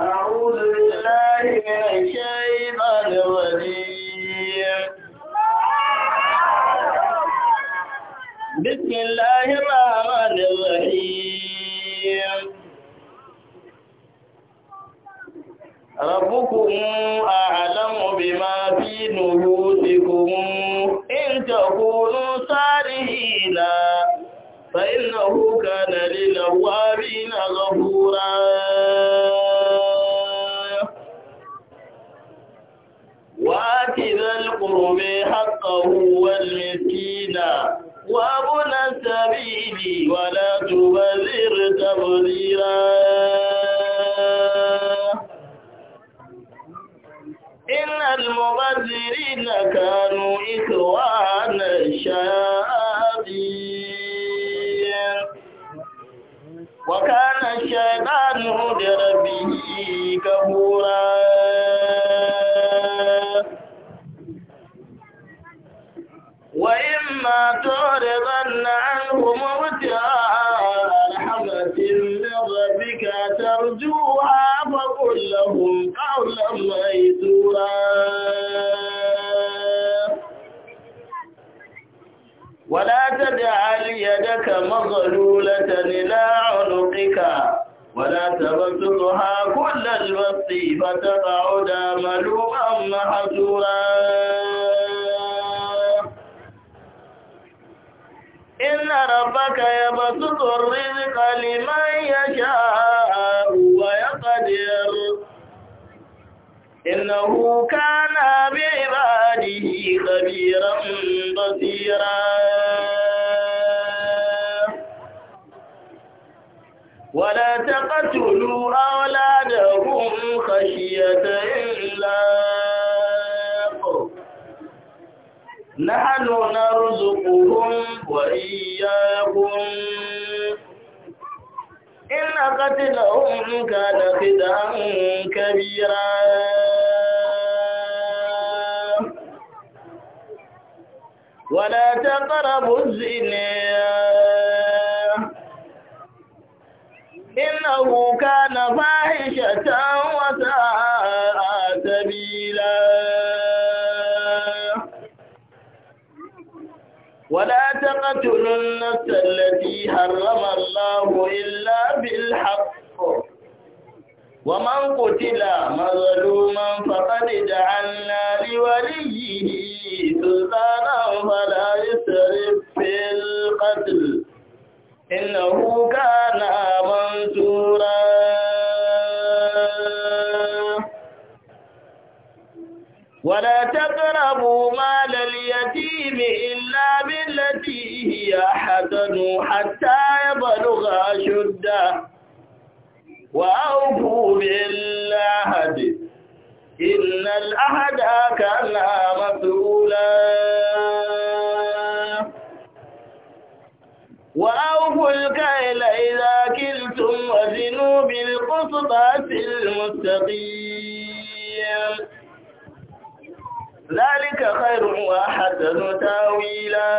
أعوذ بالله من الشيطان الرجيم بسم الله الرحمن الرحيم ربكم أعلم بما في نفوسكم إن تكونوا صالحين فإنه كان للأوابين غفوراً يدك مغلولة إلى عنقك ولا تبسطها كل الوقت فتقعد ملوما محسورا إن ربك يبسط الرزق لمن يشاء ويقدر إنه كان بعباده خبيرا بصيرا ولا تقتلوا أولادهم خشية إلا نحن نرزقهم وإياكم إن قتلهم كان خدعا كبيرا ولا تقربوا الزنا إنه كان فاحشة وساء سبيلا ولا تقتلوا النفس التي حرم الله إلا بالحق ومن قتل مظلوما فقد جعلنا لوليه سلطانا فلا يسرف في القتل إنه كان من ولا تقربوا مال اليتيم إلا بالتي هي حسن حتى يبلغ أشده وأوفوا بالعهد إن الأحد كان مسؤولا وأوفوا الكيل إذا كلتم وزنوا بالقسطاس المستقيم ذلك خير وأحسن تاويلا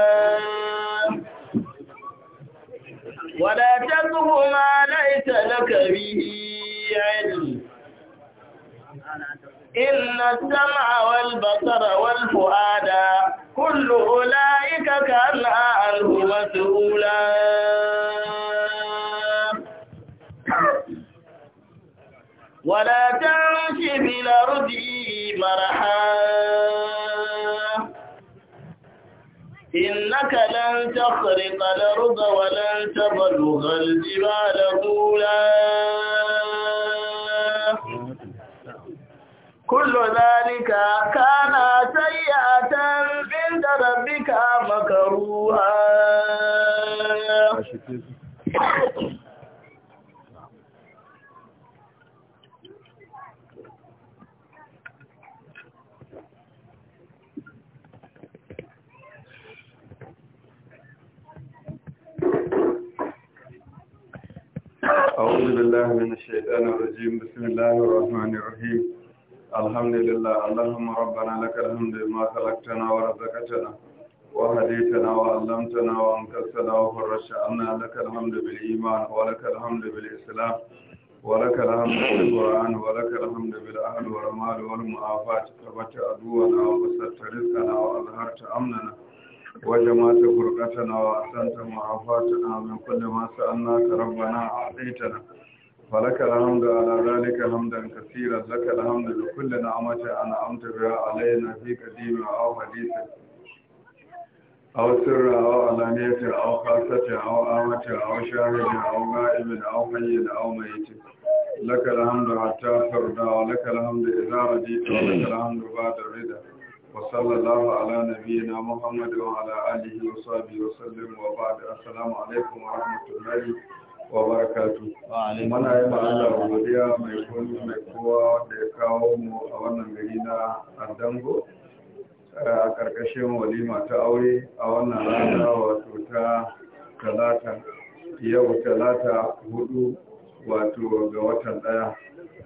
ولا تقف ما ليس لك به علم إن السمع والبصر والفؤاد كل أولئك كان عنه مسؤولا ولا تمش في الأرض مرحا إنك لن تخرق الأرض ولن تبلغ الجبال طولا كل ذلك كان سيئة عند ربك مكروها أعوذ بالله من الشيطان الرجيم بسم الله الرحمن الرحيم الحمد لله اللهم ربنا لك الحمد ما خلقتنا ورزقتنا وهديتنا وعلمتنا وأنقذتنا وفرجت عنا لك الحمد بالإيمان ولك الحمد بالإسلام ولك الحمد بالقرآن ولك الحمد بالأهل والمال والمعافاة ثبت عدونا وبسطت رزقنا وأظهرت أمننا wajen masu gurgata na wasan ta ma'afa ta amin kullum masu an na karamba na aita na falaka alhamdu ala zalika alhamdu ka sirar zaka alhamdu da kullum na amince ana amta biya alai na fi kadimi a au hadisi au sirra au alaniyata au kasata au amince au shahidi au ga'ibi da au hanyar da au mai laka alhamdu hatta farda laka alhamdu izara jita laka alhamdu ba da وصلى الله على نبينا محمد وعلى آله وصحبه وسلم وبعد السلام عليكم ورحمة الله وبركاته muna yi Allah godiya mai kuni mai kowa da ya kawo mu a wannan gari na Adango a ƙarƙashin walima ta aure a wannan rana wato ta talata yau talata hudu wato ga watan ɗaya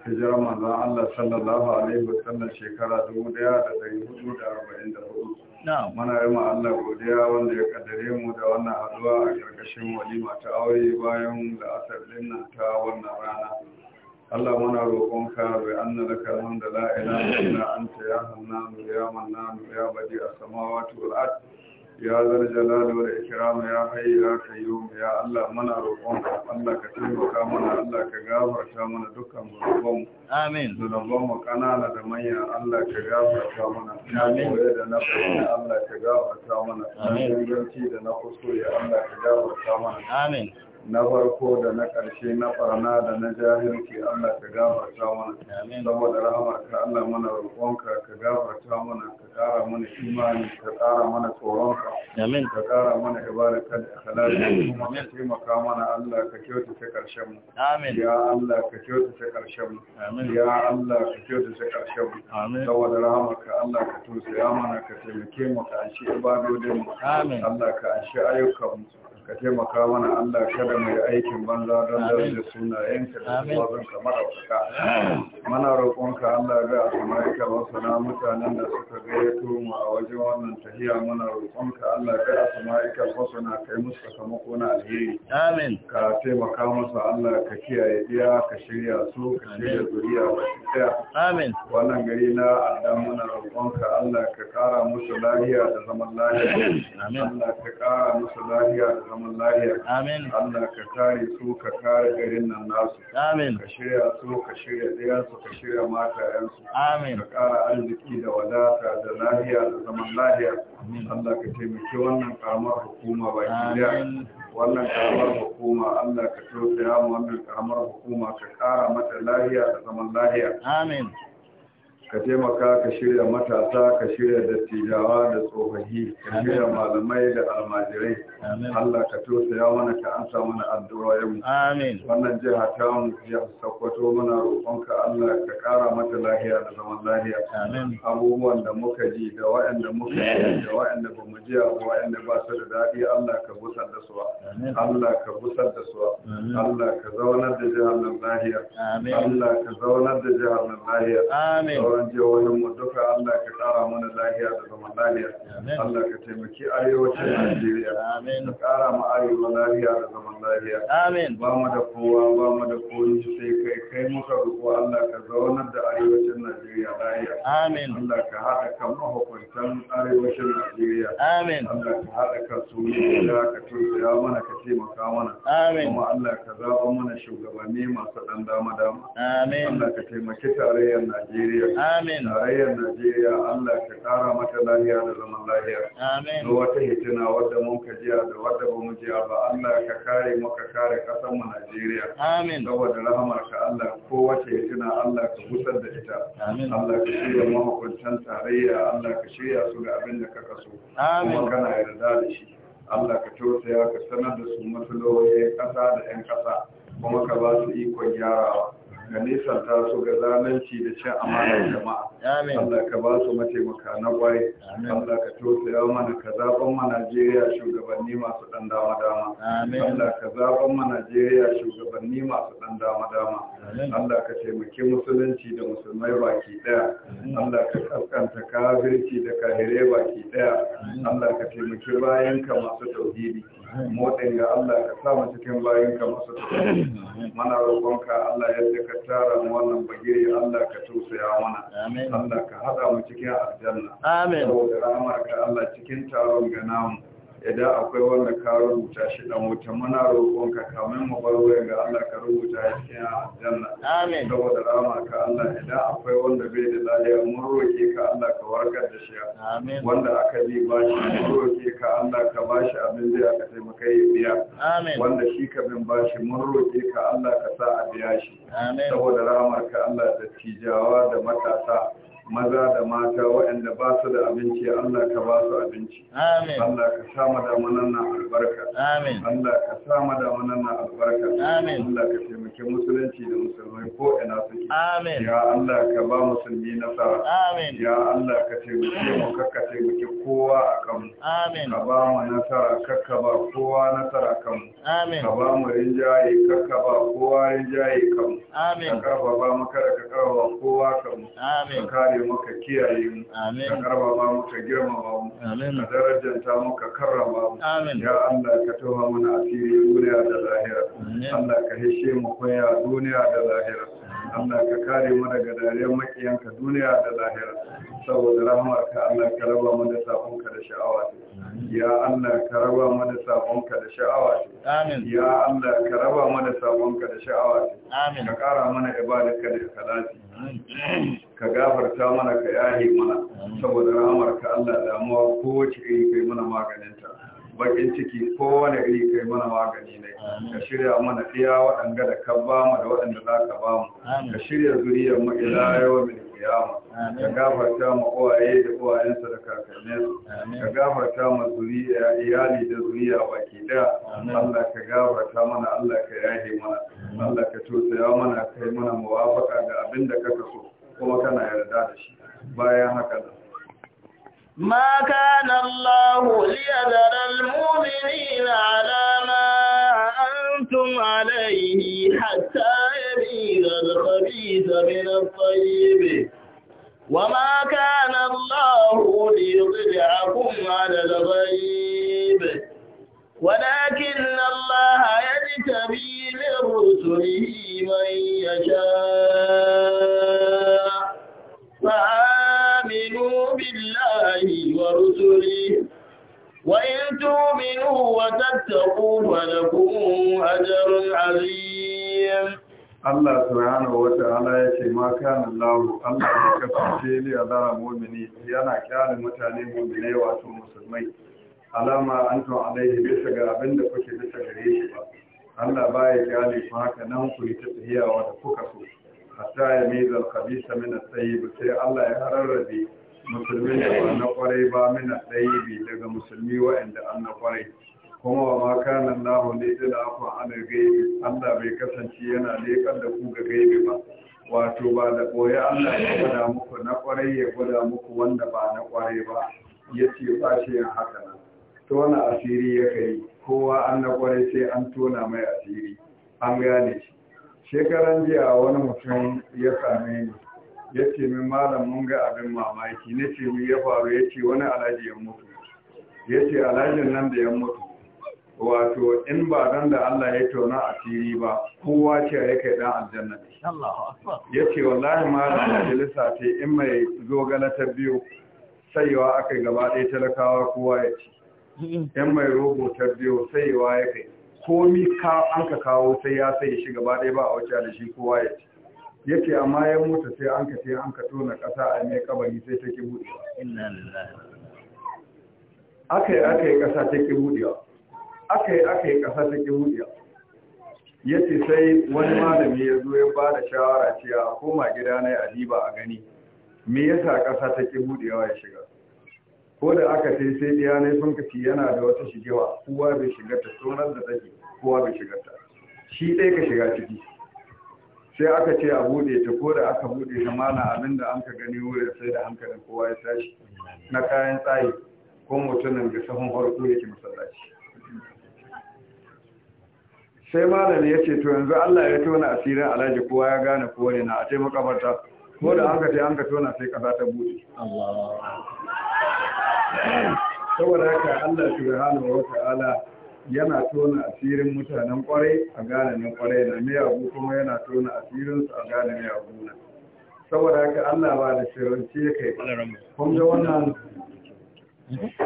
hijirar manzan Allah sallallahu Alaihi sallam shekara 1444 Muna yi ma Allah godiya wanda ya kaddare mu da wannan haduwa a karkashin walima ta aure bayan la'asar nan ta wannan rana Allah muna rokon ka an na laka da la ilaha illa anta ya hannu ya manna ya badi a samawa ardi ya zar jalali wa ikram ya hayyu ya qayyum ya Allah muna roƙonka Allah ka taimaka mana Allah ka gafarta mana dukkan zunuban amin zunuban mu kanana da manya Allah ka gafarta mana amin da na fahimta Allah ka gafarta mana amin da na kuskure Allah ka gafarta mana amin na farko da na ƙarshe na ɓarna da na jahilci Allah ka gafarta mana saboda rahamarka Allah mana roƙonka ka gafarta mana ka ƙara mana imani ka ƙara mana tsoronka ka ƙara mana ibaraka da akhlaqi kuma ka taimaka mana Allah ka kyautata ƙarshen mu ya Allah ka kyautata ƙarshen mu ya Allah ka kyautata ƙarshen mu saboda rahamarka Allah ka tausaya mana ka taimake mu ka anshi ibadodin mu Allah ka anshi ayyukan mu ka taimaka mana Allah ka da mai aikin banza don da darajar sunayenka da zuwazon kamar afirka mana roƙonka allah ga asamarika masana mutanen da suka gayyato mu a wajen wannan tahiya mana roƙonka allah ga asamarika masana kai musu sakamako na alheri ka taimaka musu allah ka kiyaye iya ka shirya su ka shirya zuriya ba shi ɗaya wannan gari na adamu na roƙonka Allah ka kara musu lafiya da zaman lafiya Allah ka kara musu lafiya da zaman lafiya Allah ka kare su ka kare garin nan nasu ka shirya su ka shirya ɗayan su ka shirya matayen su ka kara arziki da wadata da lafiya da zaman lafiya Allah ka taimaki wannan karamar hukuma baki wannan karamar hukuma Allah ka tausaya mu wannan karamar hukuma ka kara mata lafiya da zaman lafiya amin ka taimaka ka shirya matasa ka shirya dattijawa da tsofaffi ka shirya malamai da almajirai Allah ka ya mana ka ansa mana addu'o'in amin wannan jiha ta mu ya sakwato mana roƙonka Allah ka ƙara mata lahiya da zaman lahiya amin abubuwan da muka ji da waɗanda muka ji da waɗanda ba mu ji ba waɗanda ba su da daɗi Allah ka busar da su Allah ka busar da su Allah ka zaunar da jihar nan lahiya Allah ka zaunar da jihar nan lahiya amin sauran mu duka Allah ka kara mana lahiya da zaman lahiya Allah ka taimaki arewacin Najeriya ka kara mu arewa lahiya da zaman lahiya amin ba mu da kowa ba mu da sai kai kai muka roƙo Allah ka zaunar da arewacin Najeriya lahiya amin Allah ka haɗa kan mahukuntan arewacin Najeriya amin Allah ka haɗa da ka mana ka taimaka mana amin kuma Allah ka mana shugabanni masu ɗan dama dama amin Allah ka taimaki tarayyar Najeriya amin tarayyar najeriya allah ka kara mata lahiya da zaman lahiya amin da wata hitina wadda mun ka jiya da wadda ba mu jiya ba allah ka kare mu ka kare ƙasar mu najeriya amin saboda rahamar ka allah ko wata hitina allah ka gusar da ita amin allah ka shirya mahukuntan tarayya allah ka shirya su ga abin da ka kaso amin kuma kana yarda da shi Allah ka tausaya ka sanar da su matsaloli ƙasa da 'yan ƙasa kuma ka ba su ikon gyarawa ka nisanta su ga zalunci da cin amanar jama'a Allah ka ba su mataimaka na amin Allah ka tausaya mana ka zaban ma Najeriya shugabanni masu dan dama dama Allah ka zaban ma Najeriya shugabanni masu dan dama dama Allah ka taimaki musulunci da musulmai baki daya Allah ka kaskanta kafirci da kahire baki daya Allah ka taimaki ka masu tauhidi motsin ga Allah ka sa mu cikin bayin ka masu mana roƙonka Allah yadda ka tara mu wannan bagire Allah ka tausaya mana Allah ka hada mu cikin aljanna amin saboda rahmar ka Allah cikin taron ga namu idan akwai wanda ka rubuta shi dan wuta muna ka kamin mu bar wurin ga Allah ka rubuta shi cikin aljanna amin saboda rama ka Allah idan akwai wanda bai da lafiya mun roƙe ka Allah ka warkar da shi amin wanda aka bi ba shi mun roƙe ka Allah ka ba shi abin da aka taimaka ya biya amin wanda shi ka bin ba shi mun roƙe ka Allah ka sa a biya shi amin saboda rama ka Allah da tijawa da matasa maza da mata waɗanda ba su da abinci Allah ka ba su abinci amin Allah ka sa madamanan nan albarka amin Allah ka sa madamanan nan albarka amin Allah ka taimake musulunci da musulmai ko ina suke amin ya Allah ka ba musulmi nasara amin ya Allah ka taimake mu kakka taimake kowa a kanmu amin ka ba mu nasara kakka ba kowa nasara kanmu amin ka ba mu rinjaye kakka ba kowa rinjaye kanmu amin ka ba mu kada ka kawo kowa kanmu amin ka kare kare mu ka kiyaye mu ka karrama mu ka girmama mu ka darajanta mu ka karrama mu ya Allah ka tauha mana asiri duniya da lahira Allah ka hishe mu koya duniya da lahira Allah ka kare mu daga dariyar makiyanka duniya da lahira saboda rahmarka Allah ka raba mu da sabonka da sha'awa ya Allah ka raba mu da sabonka da sha'awa ya Allah ka raba mu da sabonka da sha'awa ka kara mana ibadarka da salati ka gafarta mana ka yahi mana saboda rahmarka Allah damuwa ko ce kai mana maganinta bakin ciki kowane iri kai mana magani ne ka shirya mana iya waɗanda da ka ba mu da waɗanda za ka ba mu ka shirya zuriyar mu ila yau mai kiyama ka gafarta mu uwaye da uwayensa da kakanninsu ka gafarta mu zuriya iyali da zuriya baki da Allah ka gafarta mana Allah ka yahe mana Allah ka tausaya mana kai mana muwafaka da abin da kaka so kuma kana yarda da shi bayan haka ما كان الله ليذر مصبرين على ما أنتم عليه حتى يميل الخبيث من الطيب وما كان تؤمنوا وتتقوا فلكم أجر عظيم Allah subhanahu wa ta'ala yake ma kana Allah Allah ya kafce ni a daren mu'mini yana kyale mutane mu'mini wato musulmai alama antum alaihi bisa ga abin da kuke bisa gare shi ba Allah baya kyale ku haka nan ku yi tafiya wa kuka so hatta ya miza al-khabisa min at sai Allah ya hararrabe musulmi da ba na kwarai ba mina bi daga musulmi waɗanda an na kwarai kuma ba ma nan lahu ne da lafa ana gaibi allah bai kasance yana leƙar da ku ga gaibi ba wato ba da ɓoye allah ya gwada muku na kwarai ya gwada muku wanda ba na kwarai ba ya ce ba shi yin haka nan tona asiri ya kai kowa an na kwarai sai an tona mai asiri an gane shi shekaran jiya wani mutum ya same ni ya ce min malam mun ga abin mamaki na ce mu ya faru ya ce wani alhaji ya mutu ya ce alhajin nan da ya mutu wato in ba dan da Allah ya tona asiri ba kowa ce ya kai dan aljanna ne ya ce wallahi malam majalisa ce in mai zo ta biyu sayewa aka gaba ɗaya talakawa kowa ya ci in mai rubutar ta biyu sayewa ya kai komi an ka kawo sai ya sai shi gaba ɗaya ba a wuce da shi kowa ya ci yace amma ya mutu sai an ka sai an ka tona kasa a mai kabari sai ta ki buɗewa. inna lillahi akai akai kasa ta ki budewa akai akai kasa ta budewa yace sai wani malami ya zo ya ba da shawara cewa koma gida na adiba a gani me yasa kasa ta ki budewa ya shiga ko da aka sai sai diya ne sun kaci yana da wata shigewa kowa bai shiga ta tsoron da take kowa bai shiga ta shi ɗaya ka shiga ciki sai aka ce a bude ta ko da aka bude ta mana abin da an ka gani wurin sai da hankalin kowa ya tashi na kayan tsayi ko mutumin da sahun farko yake masallaci sai malami ya ce to yanzu Allah ya tona asirin alhaji kowa ya gane kowa ne na a taimaka makabarta ko da an ka ce an ka tona sai kasa ta bude saboda haka Allah subhanahu wa ta'ala yana tona asirin mutanen kwarai a ganin kwarai na miyagu kuma yana tona asirinsu a ganin miyagu na saboda haka Allah ba da ya kai kun ga wannan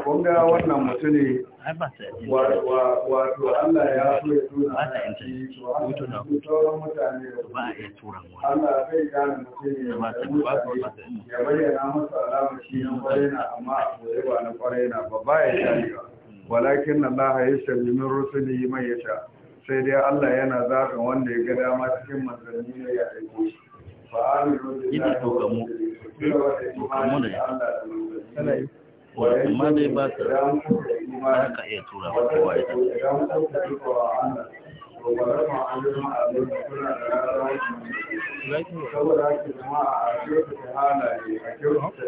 kun ga wato Allah ya so ya tona asirin tsoron mutane Allah zai gane ne ya bayyana musu alamar shi na kwarai na amma a ba na kwarai na ba ba ya yi ba walakin Allah ya shirye min rusuli man yasha sai dai Allah yana zaɓin wanda ya ga dama cikin manzanni ne ya aiko shi fa amiru amma dai ba ta ba ka iya tura ba ya Saboda ake a kyautar halaye a kyautar da